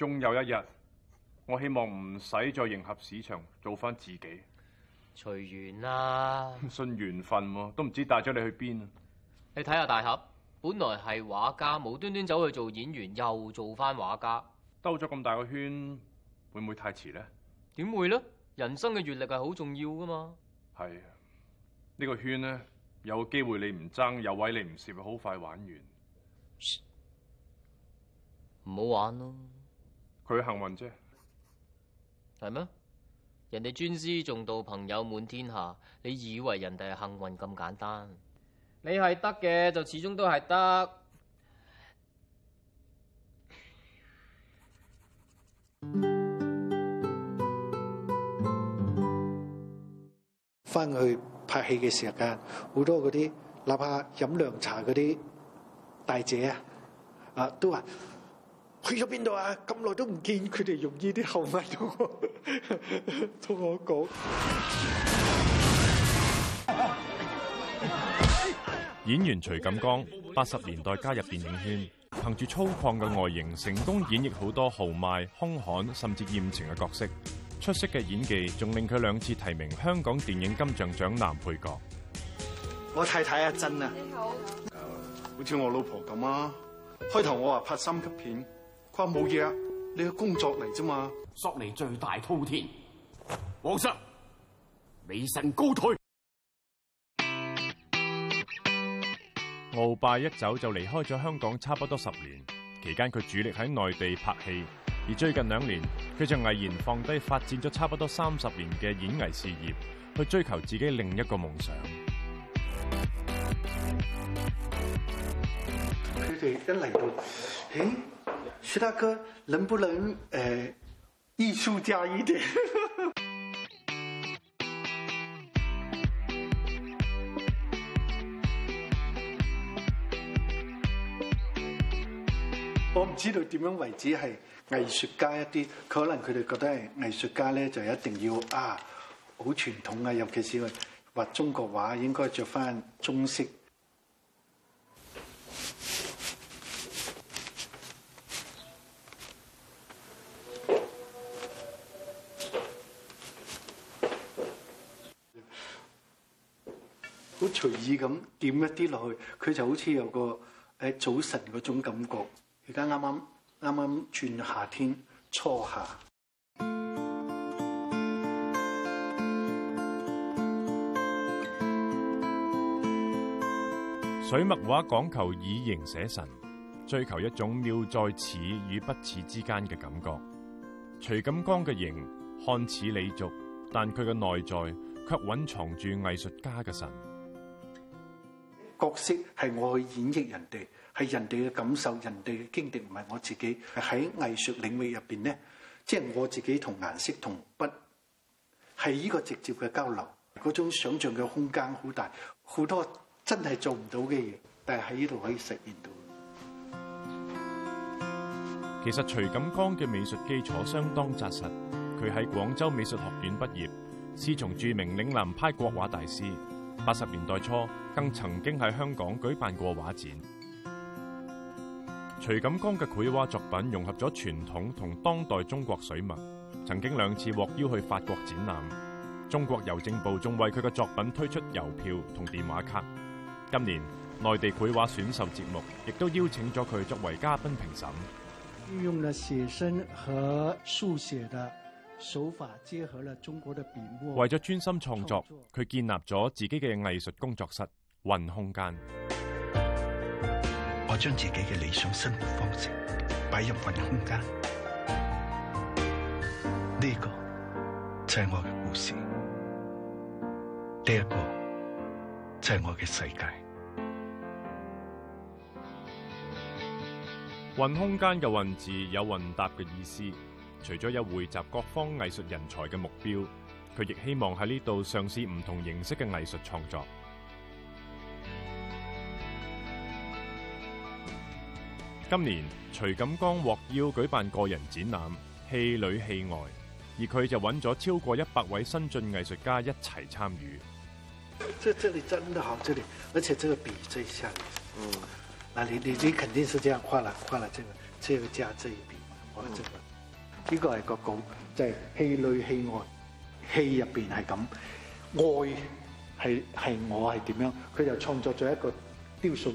終有一日，我希望唔使再迎合市場，做翻自己。隨緣啦，信緣分喎、啊，都唔知帶咗你去邊啊！你睇下大俠，本來係畫家，無端端走去做演員，又做翻畫家，兜咗咁大個圈，會唔會太遲咧？點會咧？人生嘅閱歷係好重要噶嘛。係啊，呢、這個圈呢，有機會你唔爭，有位你唔攝，好快玩完，唔好玩咯。佢幸運啫，係咩？人哋尊師重道，朋友滿天下。你以為人哋係幸運咁簡單？你係得嘅，就始終都係得。返去拍戲嘅時間，好多嗰啲，哪怕飲涼茶嗰啲大姐啊，啊都話。去咗邊度啊！咁耐都唔見佢哋容易啲后邁同我同我講。 演員徐錦江八十年代加入電影圈，憑住粗獷嘅外形，成功演繹好多豪邁、凶悍甚至艷情嘅角色。出色嘅演技，仲令佢兩次提名香港電影金像獎男配角。我太太阿珍啊，真你好，好似我老婆咁啊。開頭我話拍三級片。冇嘢啊，你嘅工作嚟啫嘛。索尼最大滔天，王室美神告退。鰲拜一走就離開咗香港，差不多十年，期間，佢主力喺內地拍戲，而最近兩年佢就毅然放低發展咗差不多三十年嘅演藝事業，去追求自己另一個夢想。對，一嚟到，誒、欸，徐大哥能不能誒，藝、呃、術家一點？ 嗯、我唔知道點樣為止係藝術家一啲。可能佢哋覺得係藝術家咧，就一定要啊好傳統啊，尤其是畫中國畫應該着翻中式。隨意咁點一啲落去，佢就好似有個誒、欸、早晨嗰種感覺。而家啱啱啱啱轉夏天初夏。水墨畫講求以形寫神，追求一種妙在似與不似之間嘅感覺。徐錦江嘅形，看似俚俗，但佢嘅內在卻蘊藏住藝術家嘅神。角色係我去演繹人哋，係人哋嘅感受、人哋嘅經歷，唔係我自己。係喺藝術領域入邊呢，即係我自己同顏色、同筆係呢個直接嘅交流，嗰種想像嘅空間好大，好多真係做唔到嘅嘢，但係喺呢度可以實現到。其實徐錦江嘅美術基礎相當紮實，佢喺廣州美術學院畢業，師從著名嶺南派國畫大師。八十年代初，更曾經喺香港舉辦過畫展。徐錦江嘅繪畫作品融合咗傳統同當代中國水墨，曾經兩次獲邀去法國展覽。中國郵政部仲為佢嘅作品推出郵票同電話卡。今年內地繪畫選秀節目亦都邀請咗佢作為嘉賓評審。用了寫生和書寫的手法結合了中國的筆墨，為咗專心創作，佢建立咗自己嘅藝術工作室——雲空間。我將自己嘅理想生活方式擺入雲空間，呢個就係我嘅故事。呢一個就係我嘅世界。雲空間嘅“雲”字有雲搭嘅意思。除咗有匯集各方藝術人才嘅目標，佢亦希望喺呢度嘗試唔同形式嘅藝術創作。今年徐錦江獲邀舉辦個人展覽《戲裏戲外》，而佢就揾咗超過一百位新晉藝術家一齊參與。這這裏真的好，這裏而且這個筆最像。嗯，你你你肯定是這樣畫啦，畫啦，這個，這個這個加這一筆，畫、嗯、這個。呢個係、那個稿，就係、是、戲裏戲外，戲入邊係咁，愛係係我係點樣？佢就創作咗一個雕塑。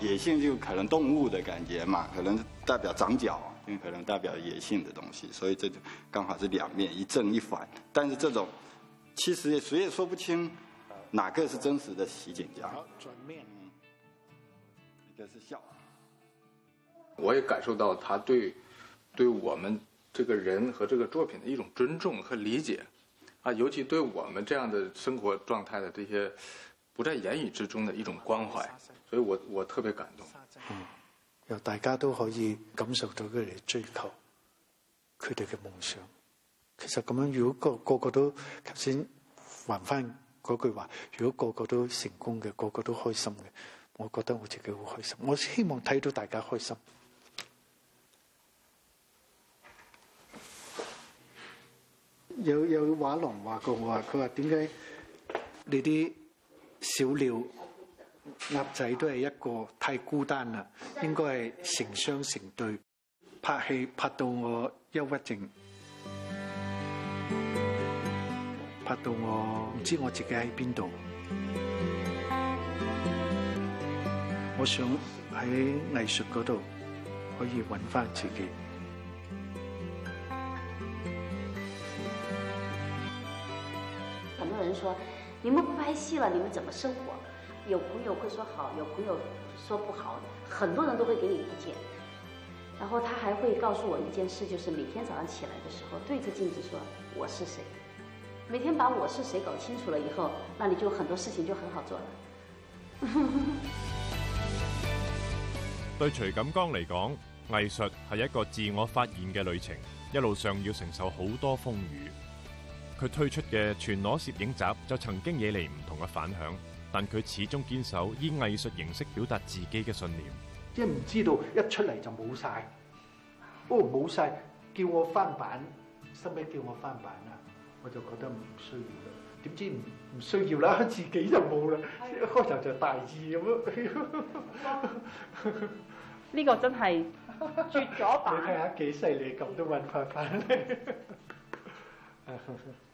野性就可能動物的感覺嘛，可能代表長角，可能代表野性的東西，所以就剛好是兩面，一正一反。但是這種其實誰也說不清，哪個是真實的徐錦江。轉面，這、嗯、是笑。我也感受到他對對我們這個人和這個作品的一種尊重和理解，啊，尤其對我們這樣的生活狀態的這些不在言語之中的一種關懷，所以我我特別感動。嗯，由大家都可以感受到佢哋追求，佢哋嘅夢想。其實咁樣，如果個個個都，頭先，還翻嗰句話，如果個個都成功嘅，個個都開心嘅，我覺得我自己好開心。我希望睇到大家開心。有有畫廊話過我話，佢話，點解你啲小鳥鴨仔都係一個太孤單啦？應該係成雙成對。拍戲拍到我憂鬱症，拍到我唔知我自己喺邊度。我想喺藝術嗰度可以揾翻自己。你們不拍戲了，你們怎麼生活？有朋友會說好，有朋友說不好，很多人都會給你意見。然後他還會告訴我一件事，就是每天早上起來的時候，對着鏡子說我是誰。每天把我是誰搞清楚了以後，那你就很多事情就很好做了。 對徐錦江來講，藝術是一個自我發現嘅旅程，一路上要承受好多風雨。佢推出嘅全裸攝影集就曾經惹嚟唔同嘅反響，但佢始終堅守以藝術形式表達自己嘅信念。即係唔知道一出嚟就冇晒，哦冇晒，叫我翻版，收尾叫我翻版啦、啊，我就覺得唔需要，點知唔唔需要啦，自己就冇啦，開頭的就,就大字咁咯。呢 個真係絕咗版。你睇下幾犀利，咁都搵翻翻嚟.。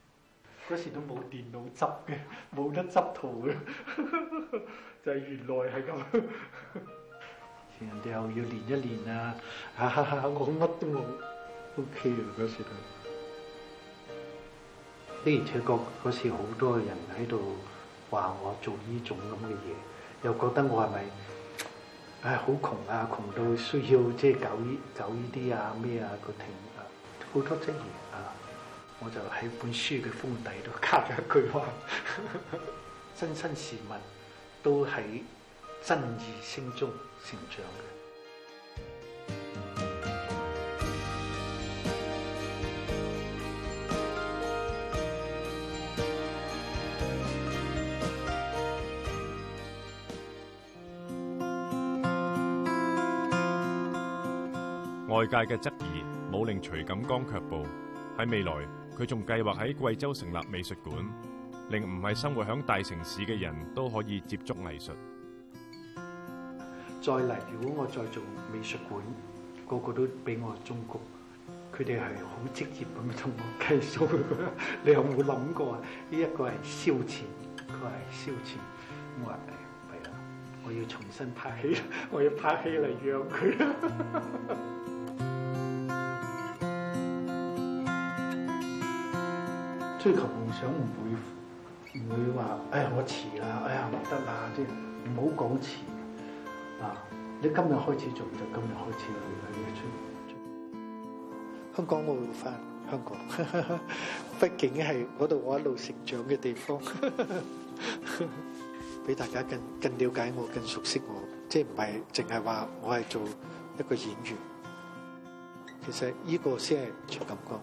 嗰時都冇電腦執嘅，冇得執圖嘅，就係原來係咁。人哋又要練一練啊！我乜都冇，OK 啊！嗰時都的而且確，嗰時好多人喺度話我做呢種咁嘅嘢，又覺得我係咪唉好窮啊？窮到需要即係搞呢搞呢啲啊咩啊個停啊，好多質疑啊！我就喺本書嘅封底度加咗一句話：真身事物都喺爭議聲中成長嘅。外界嘅質疑冇令徐錦江卻步，喺未來。佢仲計劃喺貴州成立美術館，令唔係生活喺大城市嘅人都可以接觸藝術。再嚟，如果我再做美術館，個個都俾我中國，佢哋係好職業咁同我計數。你有冇諗過啊？呢、這、一個係燒錢，佢係燒錢。我話，誒，係啊，我要重新拍戲，我要拍戲嚟養佢。啊、嗯。」追求夢想唔會唔會話，哎呀我遲啦，哎呀唔得啦，即係唔好講遲啊！你今日開始做就今日開始去去追。香港我會返香港，畢竟係嗰度我一路成長嘅地方，俾大家更更瞭解我、更熟悉我，即係唔係淨係話我係做一個演員。其實呢個先係出感覺。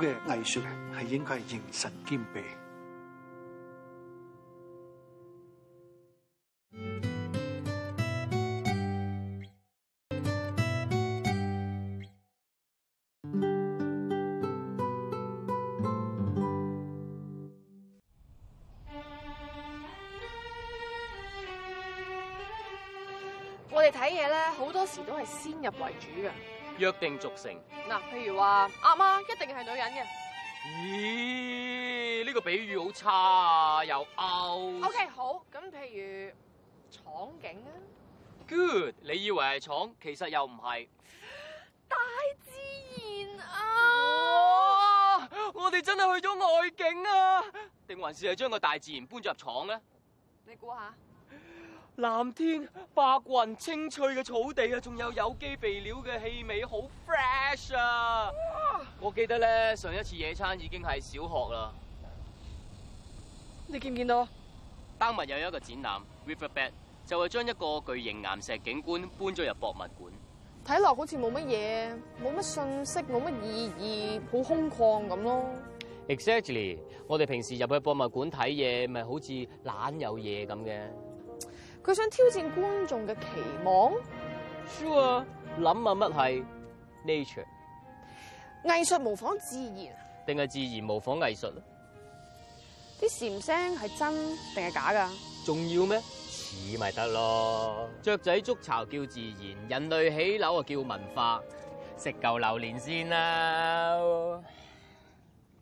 嘅藝術係應該形神兼備。我哋睇嘢咧，好多時都係先入為主嘅。約定俗成嗱，譬如話阿媽一定係女人嘅。咦，呢個比喻好差又拗。OK，好，咁譬如廠景啊。Good，你以為係廠，其實又唔係大自然啊！哦、我哋真係去咗外景啊！定還是係將個大自然搬咗入廠咧？你估下？藍天白雲、青翠嘅草地，還有有啊，仲有有機肥料嘅氣味，好 fresh 啊！我記得咧，上一次野餐已經係小學啦。你見唔見到？丹麥有一個展覽 Riverbed，就係將一個巨型岩石景觀搬咗入博物館。睇落好似冇乜嘢，冇乜信息，冇乜意義，好空曠咁咯。Exactly，我哋平時入去博物館睇嘢，咪好像懶東西似懶有嘢咁嘅。佢想挑戰觀眾嘅期望。Sure 啊，諗下乜係 nature？藝術模仿自然，定係自然模仿藝術？啲蟬聲係真定係假㗎？重要咩？似咪得咯！雀仔築巢叫自然，人類起樓啊叫文化。食嚿榴槤先啦～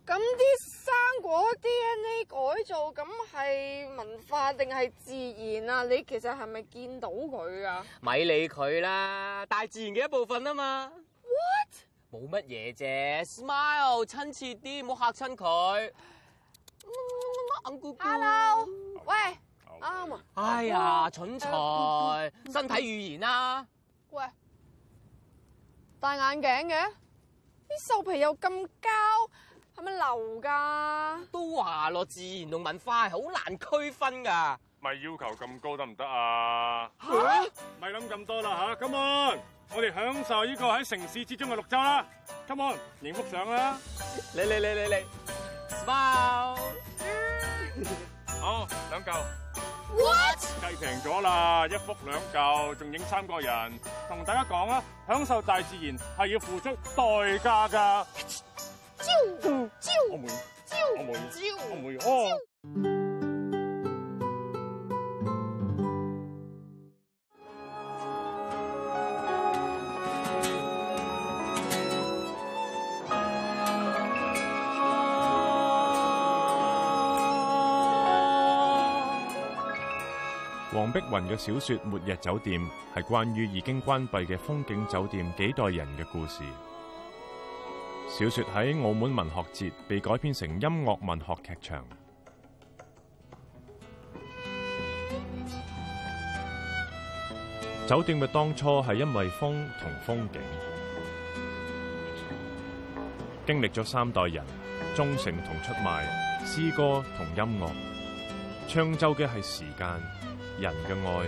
咁啲生果 DNA 改造咁係文化定係自然啊？你其實係咪見到佢啊？咪理佢啦，大自然嘅一部分啊嘛。What？冇乜嘢啫，smile 親切啲，唔好嚇親佢。Hello，喂，啱啊。哎呀，蠢材！身體語言啊。喂，戴眼鏡嘅，啲皺皮又咁膠。係咪流噶？都話咯，自然同文化係好難區分噶。咪要求咁高得唔得啊？吓，咪諗咁多啦吓！Come on，我哋享受呢個喺城市之中嘅綠洲啦！Come on，影幅相啦！嚟嚟嚟嚟嚟，smile，好兩嚿，what，計平咗啦，一幅兩嚿，仲影三個人，同大家講啊，享受大自然係要付出代價噶。救黃碧雲嘅小說《末日酒店》係關於已經關閉嘅風景酒店幾代人嘅故事。小說喺澳門文學節被改編成音樂文學劇場。酒店嘅當初係因為風同風景，經歷咗三代人忠誠同出賣，詩歌同音樂，唱州嘅係時間、人嘅愛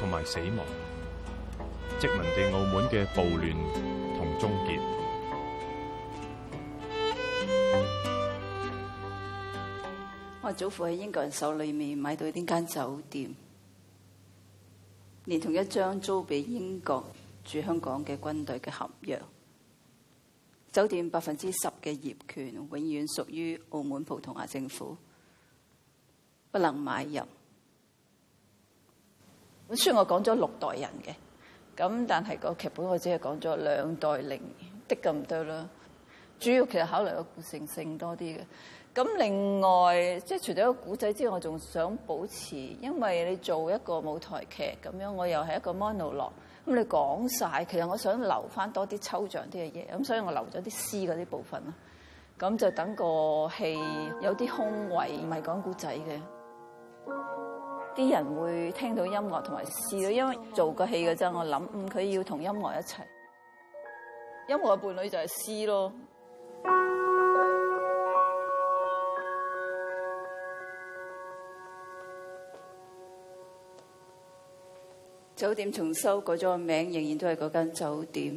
同埋死亡，殖民地澳門嘅暴亂同終結。祖父喺英國人手裏面買到呢間酒店，連同一張租俾英國駐香港嘅軍隊嘅合約。酒店百分之十嘅業權永遠屬於澳門葡萄牙政府，不能買入。雖然我講咗六代人嘅，咁但係個劇本我只係講咗兩代零，的咁多啦。主要其實考慮個故事性多啲嘅。咁另外，即係除咗個古仔之外，我仲想保持，因為你做一個舞台劇咁樣，我又係一個 monologue，咁你講晒，其實我想留翻多啲抽象啲嘅嘢，咁所以我留咗啲詩嗰啲部分咯。咁就等個戲有啲空位，唔係講古仔嘅，啲人會聽到音樂同埋詩咯，因為做個戲嘅啫，我諗佢、嗯、要同音樂一齊，音樂嘅伴侶就係詩咯。酒店重修改咗個名，仍然都係嗰間酒店。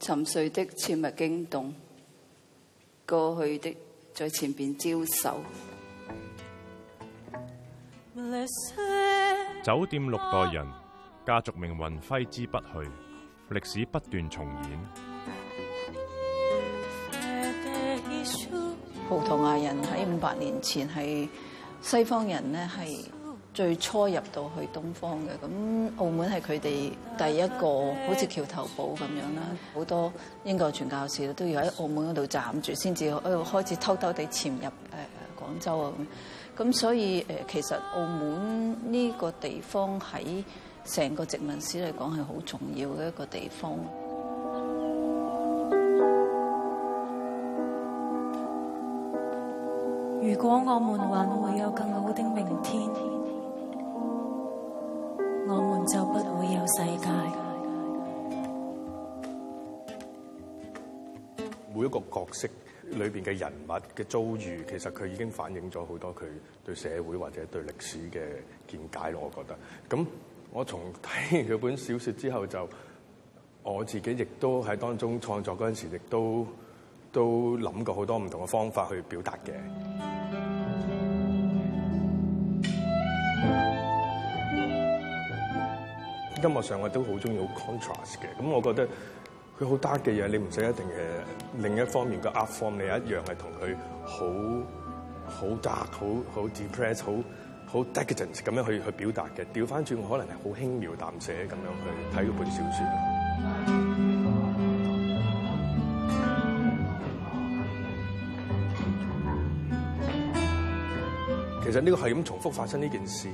沉睡的切勿驚動，過去的在前邊招手。酒店六代人家族命運揮之不去，歷史不斷重演。葡萄牙人喺五百年前係。西方人咧係最初入到去東方嘅，咁澳門，係佢哋第一個好似橋頭堡咁樣啦，好多英國傳教士都要喺澳門嗰度站住先至，喺度開始偷偷地潛入誒廣州啊咁，咁所以誒，其實澳門呢個地方喺成個殖民史嚟講，係好重要嘅一個地方。如果我們還會有更好的明天，我們就不會有世界。每一個角色裏面嘅人物嘅遭遇，其實佢已經反映咗好多佢對社會或者對歷史嘅見解咯。我覺得，咁我從睇完佢本小說之後就，就我自己亦都喺當中創作嗰陣時也，亦都都諗過好多唔同嘅方法去表達嘅。音樂上我都好中意好 contrast 嘅，咁我覺得佢好 dark 嘅嘢，你唔使一定誒。另一方面個 art form 你一樣係同佢好好 dark、好好 depressed、好好 decadent 咁樣去去表達嘅。調翻轉我可能係好輕描淡寫咁樣去睇嗰本小說。 其實呢個係咁重複發生呢件事，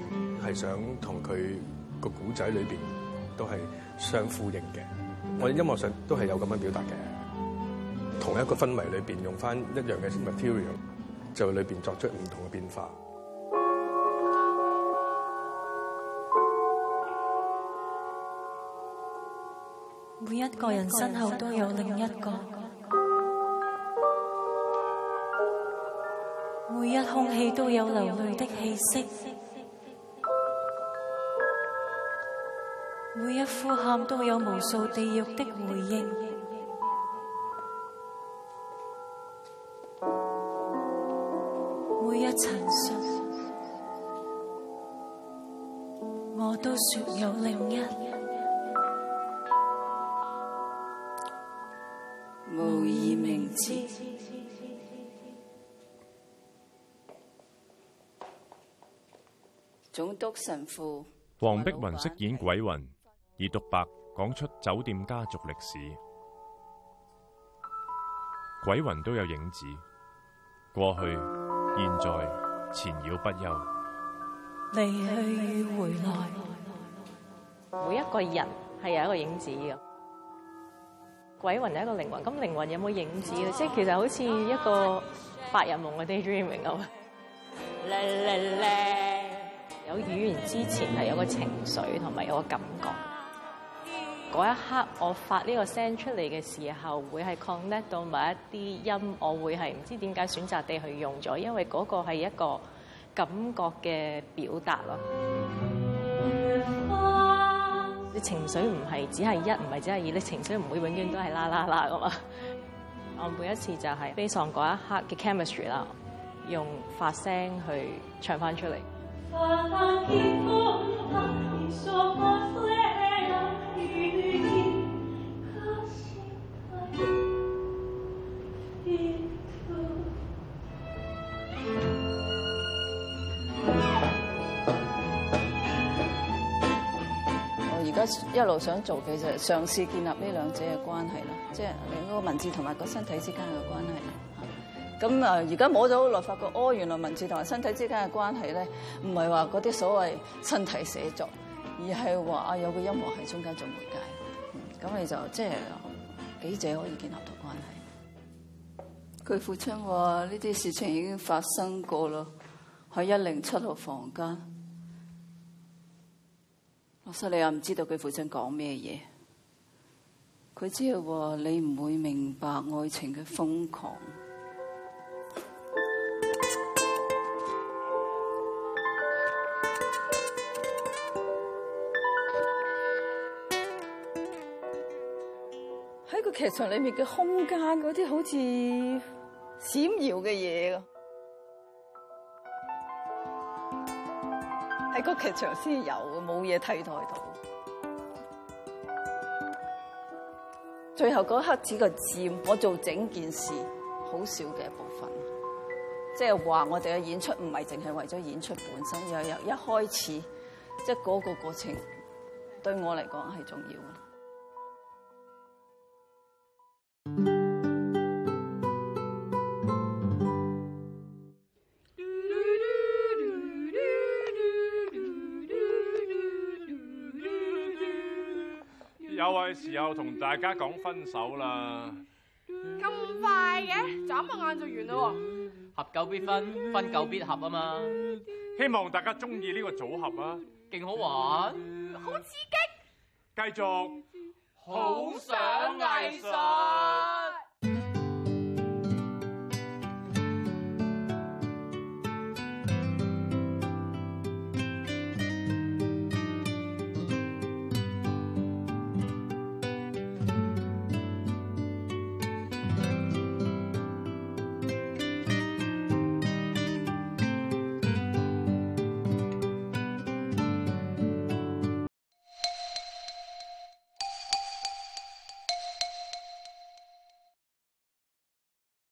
係想同佢。個古仔裏邊都係相呼應嘅，我哋音樂上都係有咁樣表達嘅。同一個氛圍裏邊用翻一樣嘅 material，就裏邊作出唔同嘅變化。每一個人身後都有另一個，每一空氣都有流淚的氣息。每一呼喊都有無數地獄的回應，每一沉睡我都說有另一無疑名字。總督神父，黃碧雲飾演鬼魂。以獨白講出酒店家族歷史，鬼魂都有影子，過去、現在、纏繞不休，離去回來，每一個人係有一個影子嘅，鬼魂係一個靈魂，咁靈魂有冇影子咧？即係其實好似一個白日夢嘅 daydreaming 咁。嚟嚟嚟，有語言之前係有個情緒同埋有個感覺。嗰一刻我發呢個聲出嚟嘅時候，會係 connect 到某一啲音，我會係唔知點解選擇地去用咗，因為嗰個係一個感覺嘅表達咯。你情緒唔係只係一，唔係只係二，你情緒唔會永遠都係啦啦啦噶嘛。我每一次就係悲喪嗰一刻嘅 chemistry 啦，用發聲去唱翻出嚟。一路想做嘅就係嘗試建立呢兩者嘅關係啦，即係你嗰個文字同埋個身體之間嘅關係。咁啊，而家摸咗落嚟，發覺哦，原來文字同埋身體之間嘅關係咧，唔係話嗰啲所謂身體寫作，而係話啊有個音樂喺中間做媒介。咁你就即係幾者可以建立到關係。佢父親話：呢啲事情已經發生過咯，喺一零七號房間。我實你又唔知道佢父親講咩嘢，佢只係話你唔會明白愛情嘅瘋狂。喺個劇場裏面嘅空間，嗰啲好似閃耀嘅嘢。喺個劇場先有，冇嘢替代到。最後嗰刻只個尖，我做整件事好少嘅一部分，即係話我哋嘅演出唔係淨係為咗演出本身，而係由一開始即係嗰個過程對我嚟講係重要嘅。又同大家講分手啦！咁快嘅，眨下眼就完啦喎！合久必分，分久必合啊嘛！希望大家中意呢個組合啊！勁好玩，好刺激！繼續，好想藝術。